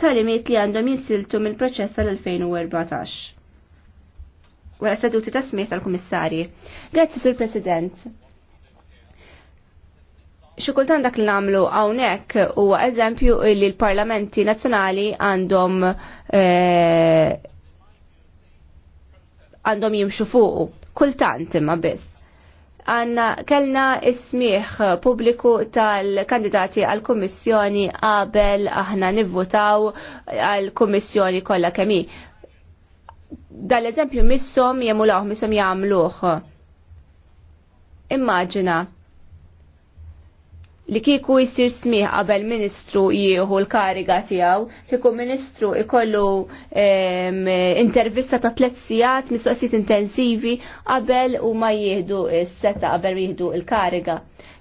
tal-imiet li għandhom jinsiltu mill-proċess tal-2014. Wara seduti ta' smiet tal-Kummissarji. Grazzi sur President. Xukultan dak li namlu hawnhekk huwa eżempju li l-parlamenti nazzjonali għandhom eh, għandhom jimxu fuqu. Kultant imma biss għanna kellna ismiħ publiku tal-kandidati għal-Komissjoni qabel aħna nivvotaw għal-Komissjoni kollha kemi. Dal-eżempju missom jemulaw missom jagħmluh. Immaġina li kiku jisir smih qabel ministru jieħu l-kariga tijaw, kieku ministru ikollu intervista ta' tlet sijat, mistoqsit intensivi qabel u ma jieħdu s-seta qabel jieħdu l-kariga.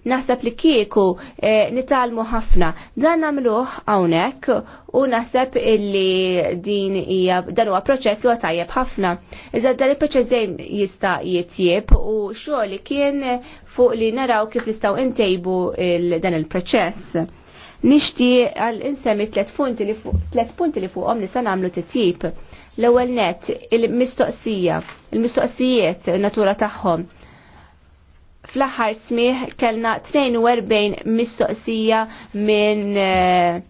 Naħseb li kieku eh, nitalmu ħafna. Dan nagħmluh hawnhekk u naħseb illi din hija dan huwa proċess li huwa tajjeb ħafna. Iżda dan il-proċess dejjem jista' jitjieb u xogħol li kien fuq li naraw kif nistgħu intejbu dan il-proċess nixti għal insemi tlet punti li fuqhom li se nagħmlu titjib. L-ewwel net il-mistoqsija, il-mistoqsijiet natura tagħhom fl-aħħar smih kellna 42 mistoqsija minn eh,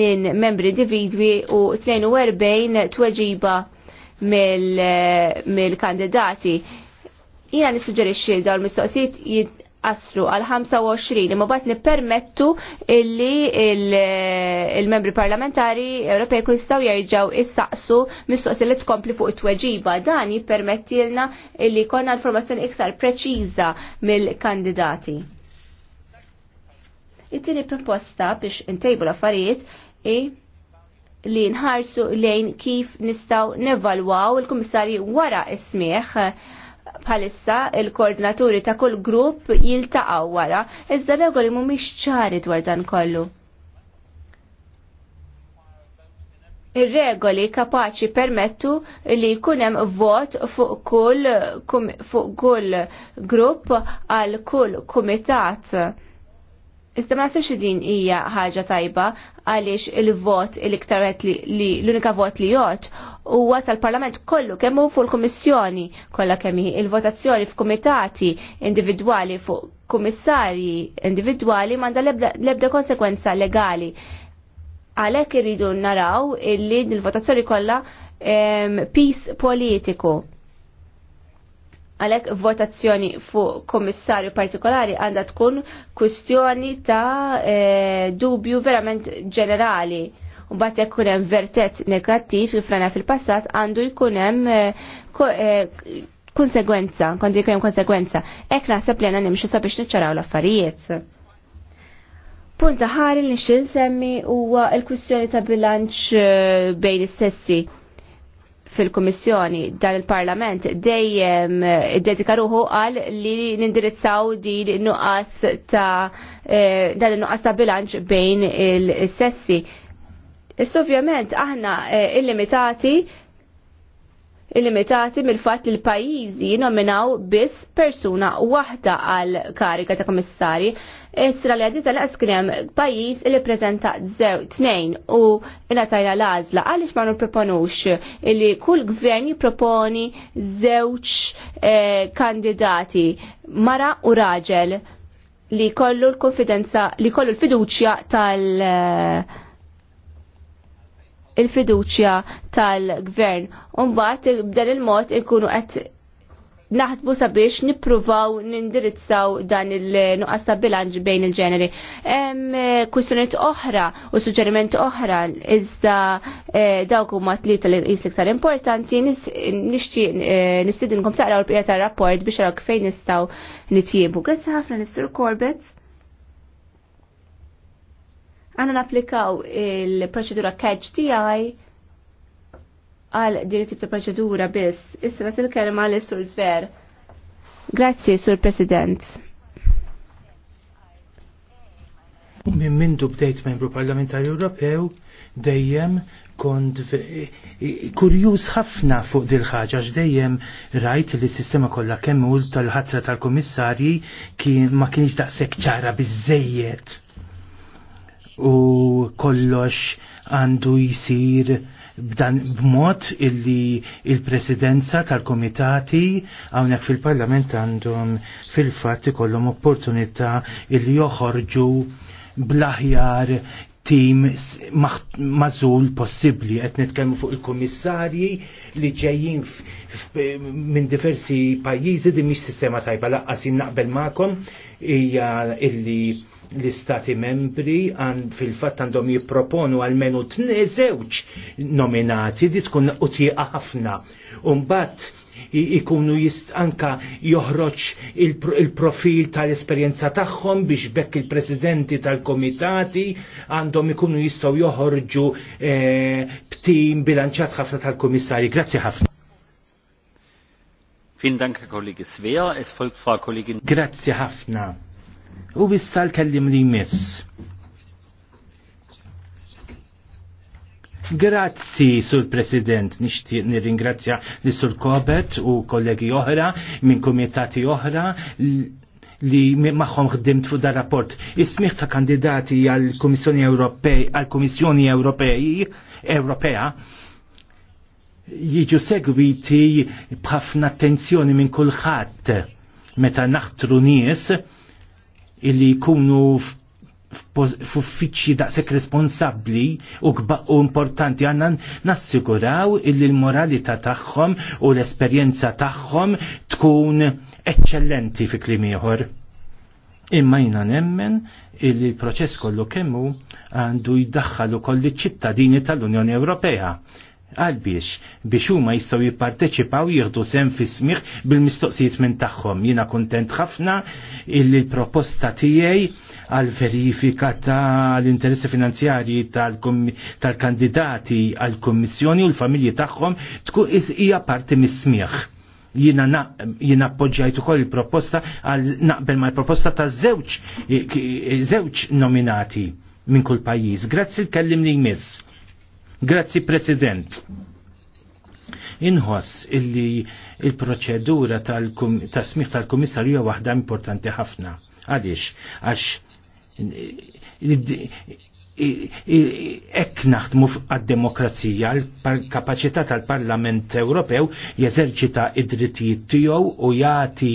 minn membri individwi u 42 tweġiba eh, mill-kandidati. Mil Jina nissuġġerixxi dawn mistoqsijiet aslu għal 25 imma bat nippermettu illi il-membri parlamentari Ewropej kun jistgħu jerġgħu issaqsu mistoqsi li tkompli fuq it-tweġiba. Dan jippermettilna illi konna informazzjoni iktar preċiża mill-kandidati. It-tieni proposta biex intejbu l-affarijiet i li nħarsu lejn kif nistaw nevalwaw il-kummissarji wara ismieħ bħalissa il-koordinaturi ta' kull grupp jiltaqgħu wara, iżda regoli mhumiex ċari dwar dan kollu. Ir-regoli kapaċi permettu li jkun hemm vot fuq kull fuq kull grupp għal kull kumitat Iżda ma nasibx din hija ħaġa tajba għaliex il-vot il-iktar li l-unika vot li jgħod huwa tal-Parlament kollu kemm hu fuq il-Kummissjoni kollha kemm il-votazzjoni f'kumitati individwali fuq kummissarji individwali m'għandha l-ebda konsekwenza legali. Għalhekk irridu naraw illi l-votazzjoni kollha ehm, peace politiku għalek votazzjoni fuq kommissarju partikolari għanda tkun kustjoni ta' e, dubju verament ġenerali. U bat jekun hemm vertet negattiv li frana fil-passat għandu jkun hemm e, konsegwenza, konti jkun hemm konsegwenza. Ek naħseb li għandna nimxu sabiex niċċaraw l-affarijiet. Punta ħari li xil semmi huwa l-kwistjoni ta' bilanċ bejn is-sessi fil-Kummissjoni dan il-Parlament dejjem id-dedikaruħu għal li nindirizzaw din nuqqas ta' eh, dan il-nuqqas ta' bilanċ bejn il-sessi. Is-ovvjament aħna eh, illimitati illimitati mill-fatt li pajjiżi nominaw biss persuna waħda għal karika ta' komissari. Isra li għadita laqas kien pajjiż li preżenta żew tnejn u ingħatajna l-għażla għaliex ma nipproponux li kull gvern jipproponi żewġ eh, kandidati mara u raġel li kollu l-konfidenza li kollu l-fiduċja tal- uh, il-fiduċja tal-gvern. Umbat b'dan il-mod ikunu qed naħdbu sabiex nippruvaw nindirizzaw dan il-nuqqas ta' bilanġ bejn il-ġeneri. Hemm eh, kwistjoniet oħra u suġġeriment oħra iżda eh, dawk huma tlieta li qis sar importanti nixtieq eh, nistidinkom taqraw l-qrija tar-rapport biex raw fejn nistgħu nitjiebu. Grazzi ħafna Nistur Corbett. Għana naplikaw il-proċedura catch TI għal direttiv ta' proċedura biss. Issa nagħti kelma għal sur Zver. Grazzi, Sur President. Minn mindu bdejt membru parlamentari Ewropew dejjem kont kurjuż ħafna fuq dil ħaġa dejjem rajt li s-sistema kollha kemm tal-ħatra tal-kummissarji kien ma kienx daqshekk ċara biżejjed u kollox għandu jisir b'dan b'mod illi il-presidenza tal-komitati hawnhekk fil-parlament għandhom fil-fatt ikollhom opportunità illi joħorġu blaħjar tim mażul possibbli qed nitkellmu fuq il-kummissarji li ġejjin minn diversi pajjiżi din mhix sistema tajba laqqas naqbel magħkom hija illi l-istati membri għan fil-fatt għandhom jipproponu għalmenu t-nezewċ nominati di tkun utieqa ħafna. Umbat ikunu jist anka joħroċ il-profil tal-esperienza tagħhom biex bekk il-presidenti tal-komitati għandhom ikunu jistaw joħorġu ptim eh, b'tim bilanċat ħafna tal-komissari. Grazzi ħafna. Vielen Dank, Herr Kollege Svea. Es folgt Frau Kollegin. Grazie, Hafna. U issa l-kellim li jmiss. Grazzi, Sur President, nixtieq nirringrazzja li Sur Kobet u kollegi oħra minn komitati oħra li magħhom ħdimt fuq dar rapport. Ismiħ ta' kandidati għall Komissjoni Ewropej, għall kummissjoni Ewropej, Ewropea, jiġu segwiti bħafna attenzjoni minn kulħadd meta naħtru nies illi jkunu f'uffiċċji daqshekk responsabbli u u importanti għandna nassiguraw illi l-moralità tagħhom u l-esperjenza tagħhom tkun eċċellenti fi kliem ieħor. Imma jina nemmen illi l-proċess kollu kemmu għandu jiddaħħal ukoll iċ-ċittadini tal-Unjoni Ewropea għalbiex biex huma jistgħu jipparteċipaw jieħdu sem fis-smigħ bil-mistoqsijiet minn tagħhom. Jiena kuntent ħafna l proposta tiegħi għal verifika tal-interessi finanzjarji tal-kandidati għal kummissjoni u l-familji tagħhom tkun hija parti mis-smigħ. Jiena appoġġjajt ukoll il-proposta għal naqbel mal-proposta ta' zewċ żewġ nominati minn kull pajjiż. Grazzi l-kellim li jmiss. Grazzi President. Inħoss illi il-proċedura tal-smiħ tal-Kummissarju hija waħda importanti ħafna. Għaliex? Għax ekk naħdmu għad-demokrazija, l-kapacità tal-Parlament Ewropew jeżerċita id-drittijiet tiegħu u jagħti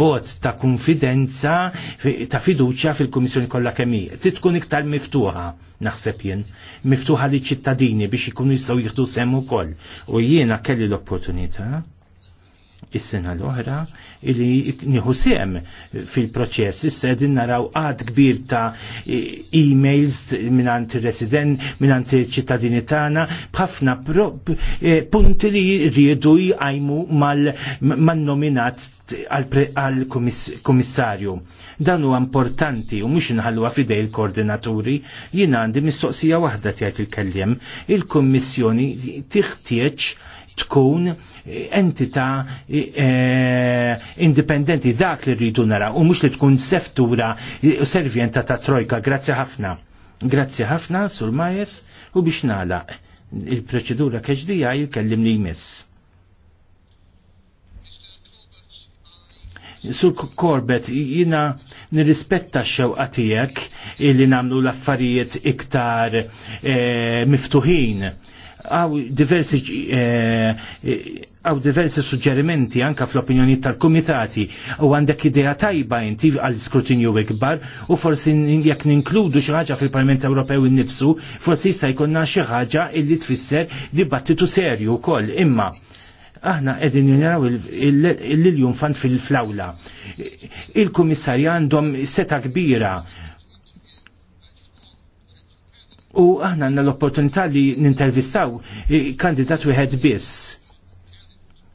vot ta' konfidenza ta' fiduċja fil-Kummissjoni kollha kemm hi. Trid tkun iktar miftuħa naħseb jien, miftuħa li ċittadini biex ikunu jistgħu jieħdu sehem ukoll. U jiena kelli l-opportunità is-sena l-oħra li nieħu sem fil-proċess. Issa qegħdin naraw għad kbir ta' e-mails ir resident iċ ċittadini tagħna b'ħafna e, punti li rridu jqajmu mal-nominat għal-komissarju. Dan huwa importanti u mhux inħalluha fidej il-koordinaturi. Jien għandi mistoqsija waħda tgħid il-kellem. Il-Kummissjoni tiħtieġ tkun entità eh, eh, indipendenti dak li rridu nara u mhux li tkun seftura eh, servjenta ta' trojka. Grazzi ħafna. Grazzi ħafna, Sur Majes, u biex nagħlaq il-proċedura keġdija jkellim li jmiss. Sur Korbet, jina nirrispetta x-xewqa tiegħek illi nagħmlu l-affarijiet iktar e, miftuħin għaw diversi eh, eh, għaw diversi suġġerimenti anka fl-opinjoni tal-komitati u għandek idea tajba inti għal skrutinju ikbar u forsi jekk ninkludu xi ħaġa fil-Parlament Ewropew innifsu, forsi jista' jkollna xi ħaġa illi tfisser dibattitu serju wkoll imma aħna edin naraw il liljum fand fil-flawla. Il-komissarja għandhom seta kbira U aħna għanna l-opportunità li nintervistaw eh, kandidat wieħed biss.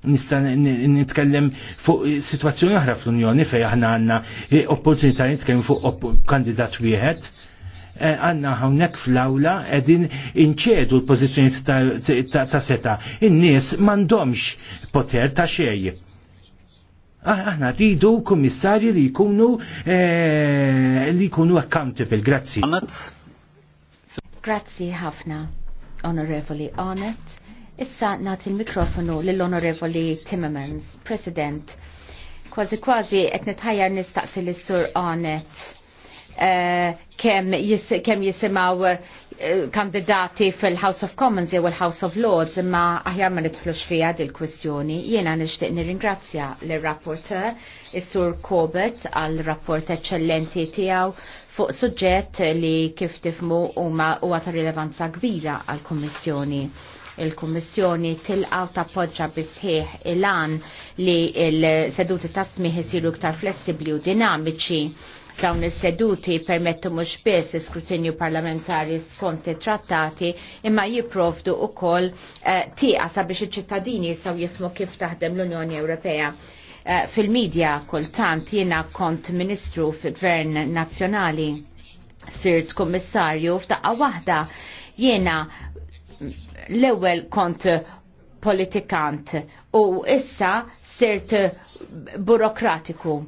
Nista nitkellem fuq situazzjoni oħra fl-Unjoni fej aħna għanna eh, opportunità li nitkellem fuq kandidat wieħed. Eh, għanna hawnhekk fl-awla qegħdin inċedu l-pożizzjoni ta' seta. In-nies m'għandhomx poter ta' xejn ah, aħna rridu kummissarji li jkunu li jkunu accountable, grazzi. Grazzi ħafna, Onorevoli Arnett. Issa nagħti il-mikrofonu lill-Onorevoli Timmermans, President. Kważi kważi qed nitħajjar nistaqsi lis sur Arnett Eh, kem, jis, kem jisimaw eh, kandidati fil-House of Commons jew il-House of Lords imma aħjar ma nidħlux fija dil-kwistjoni jiena nixtieq nirringrazzja l-rapporter is-sur Corbett għal rapport eċċellenti tiegħu fuq suġġett li kif tifmu huma huwa ta' rilevanza kbira għall-Kummissjoni Il-Kummissjoni tilqaw tappoġġa bisħieħ il-an li l seduti tasmiħ isiru iktar flessibli u dinamiċi dawn is-seduti permettu mhux biss iskrutinju parlamentari skont it-trattati imma jipprovdu wkoll uh, eh, tieqa sabiex iċ-ċittadini jistgħu jifmu kif taħdem l-Unjoni Ewropea. Uh, Fil-medja kultant jiena kont ministru fil-Gvern Nazzjonali sirt kommissarju f'daqqa waħda jiena l-ewwel kont politikant u issa sirt burokratiku.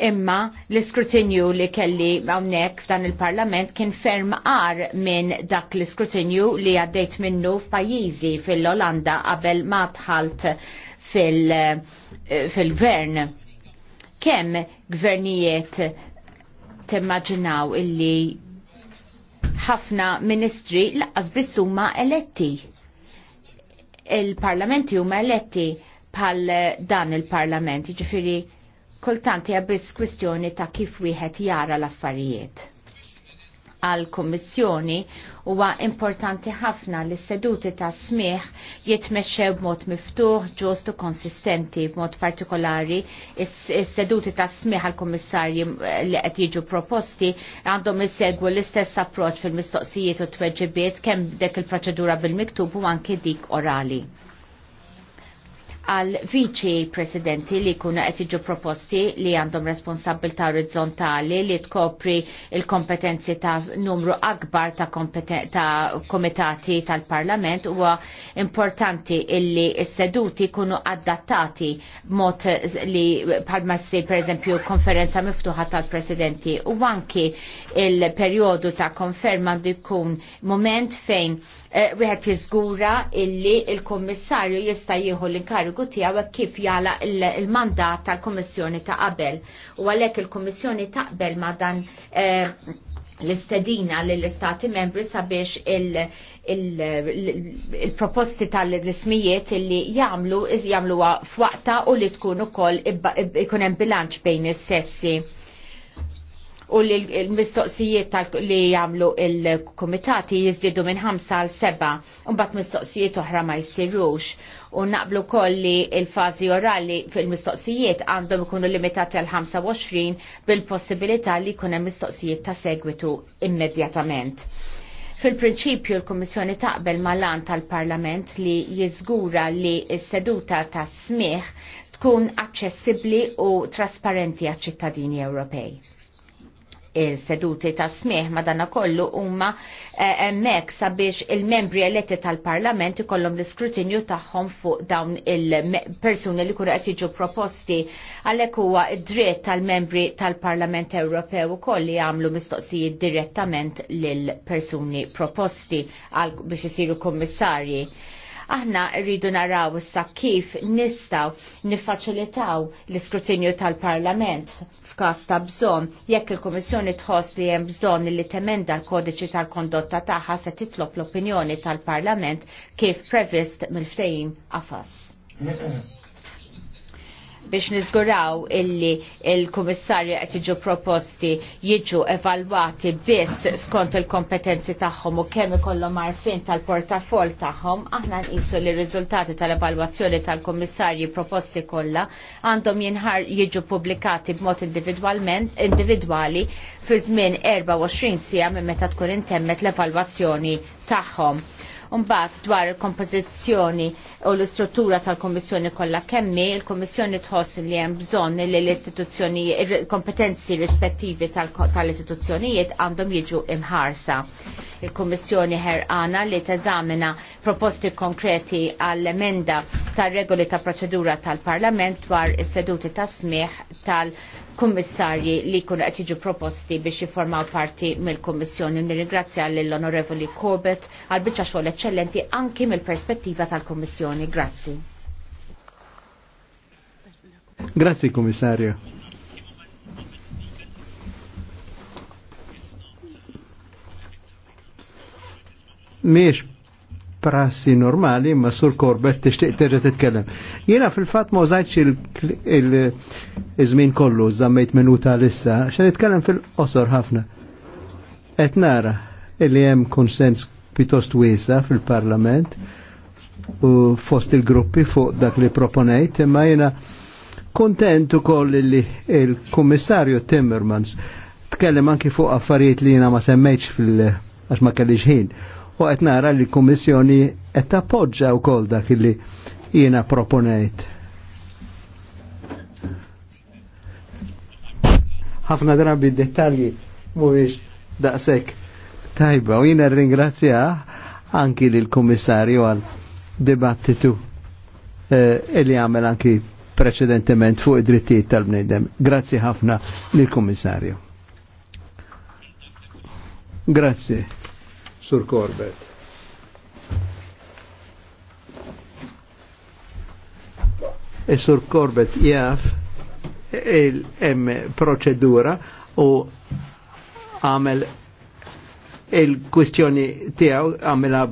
Imma l-iskrutinju li kelli hawnhekk f'dan il-Parlament kien ferm qar minn dak l-iskrutinju li għaddejt minnu f'pajjiżi fil-Olanda qabel ma tħalt fil-gvern. Fil Kemm gvernijiet timmaġinaw illi ħafna ministri laqqas biss huma eletti. Il-parlamenti huma eletti pal dan il-parlament, ġifiri kultanti għabis kwistjoni ta' kif wieħed jara l-affarijiet għal kummissjoni huwa importanti ħafna li seduti ta' smieħ jitmexxew b'mod miftuħ, u konsistenti b'mod partikolari. Is-seduti ta' smieħ għal kummissarji eh, li qed jiġu proposti għandhom isegwu l-istess approċċ fil-mistoqsijiet u t tweġibiet kemm dek il-proċedura bil-miktub u anke dik orali għal viċi presidenti li kuna qed jiġu proposti li għandhom responsabilità orizzontali li tkopri il-kompetenzi ta' numru akbar ta', ta komitati tal-Parlament huwa importanti illi s-seduti kunu adattati mod li bħalma si per eżempju konferenza miftuħa tal-presidenti u anki il-perjodu ta' konferma jkun moment fejn uh, wieħed jiżgura illi il-kommissarju jista' jieħu l-inkarju l-obbligu tiegħu kif jala il-mandat tal-Kummissjoni ta' qabel. U għalhekk il-Kummissjoni qabel ma' dan eh, l-istedina l-istati membri sabiex il-proposti tal-ismijiet li jamlu jamlu f'waqta u li tkun ukoll ikun hemm bilanċ bejn is-sessi u li l-mistoqsijiet li jagħmlu il-komitati jizdidu minn ħamsa għal seba u bat mistoqsijiet oħra ma jsirux u naqblu koll li l-fażi orali fil-mistoqsijiet għandhom ikunu limitati għal 25 bil-possibilità li jkun hemm mistoqsijiet ta' segwitu immedjatament. Fil-prinċipju l komissjoni taqbel mal-lan tal-Parlament li jiżgura li s-seduta ta' smih tkun aċċessibbli u trasparenti għal ċittadini Ewropej seduti ta' smieħ madana kollu umma emmek eh, sabiex il-membri eletti tal-parlament ikollhom l-iskrutinju tagħhom fuq dawn il-persuni li kunu qed jiġu proposti għalhekk huwa d-dritt tal-membri tal-Parlament Ewropew ukoll li jagħmlu mistoqsijiet direttament lil persuni proposti biex isiru kummissarji Aħna rridu naraw issa kif nistaw nifaċilitaw l-iskrutinju tal-Parlament f'każ ta' bżonn jekk il-Kummissjoni tħoss li hemm bżonn li temenda l-kodiċi tal-kondotta tagħha se titlob l-opinjoni tal-Parlament kif previst mill-ftehim qafas. biex nizguraw illi il-kummissarju qed jiġu proposti jiġu evalwati biss skont il-kompetenzi tagħhom u kemm ikollhom marfin tal-portafol tagħhom, aħna nqisu li r-riżultati tal-evalwazzjoni tal-kummissarji proposti kollha għandhom jinħar jiġu pubblikati b'mod individwalment individwali fi żmien 24 sija minn meta tkun intemmet l-evalwazzjoni tagħhom Umbat dwar il-kompożizzjoni u l-istruttura tal-Kommissjoni kollha kemmi, il-Kommissjoni tħoss li hemm bżonn li l-istituzzjoni kompetenzi rispettivi tal-istituzzjonijiet għandhom jiġu imħarsa. Il-Kommissjoni ħerqana li teżamina proposti konkreti għall-emenda tar-regoli ta' proċedura tal-Parlament dwar is-seduti ta' smieħ tal-Kommissjoni kummissarji li jkunu qed jiġu proposti biex jiformaw parti mill-Kummissjoni. Nirringrazzja lill-Onorevoli Corbett għal biċċa xogħol eċċellenti anki mill-perspettiva tal-Kummissjoni. Grazzi. Grazzi Kummissarju. Mish prassi normali, ma sur korbet tixtieq terġa' titkellem. Jiena fil-fatt ma użajċ il-żmien kollu, żammejt minuta lissa, x'għan nitkellem fil-qosor ħafna. Qed nara li hemm konsens pjuttost wiesa fil-Parlament u fost il-gruppi fuq dak li proponejt, imma jiena kontent ukoll li il-Kummissarju Timmermans tkellem anki fuq affarijiet li jiena ma semmejtx fil- għax ma kellix ħin u qed nara li l-Kummissjoni qed tappoġġa wkoll dak li jiena proponejt. ħafna drabi dettalji mhuwiex daqshekk tajba u jiena ringrazzja anki l kummissarju għal dibattitu eh, li għamel anki preċedentement fuq id-drittijiet tal-bnejdem. Grazzi ħafna lill kummissarju. Grazie. Sur Corbett. E Sur Corbett jaf il-em procedura u għamel il-kwistjoni tijaw għamela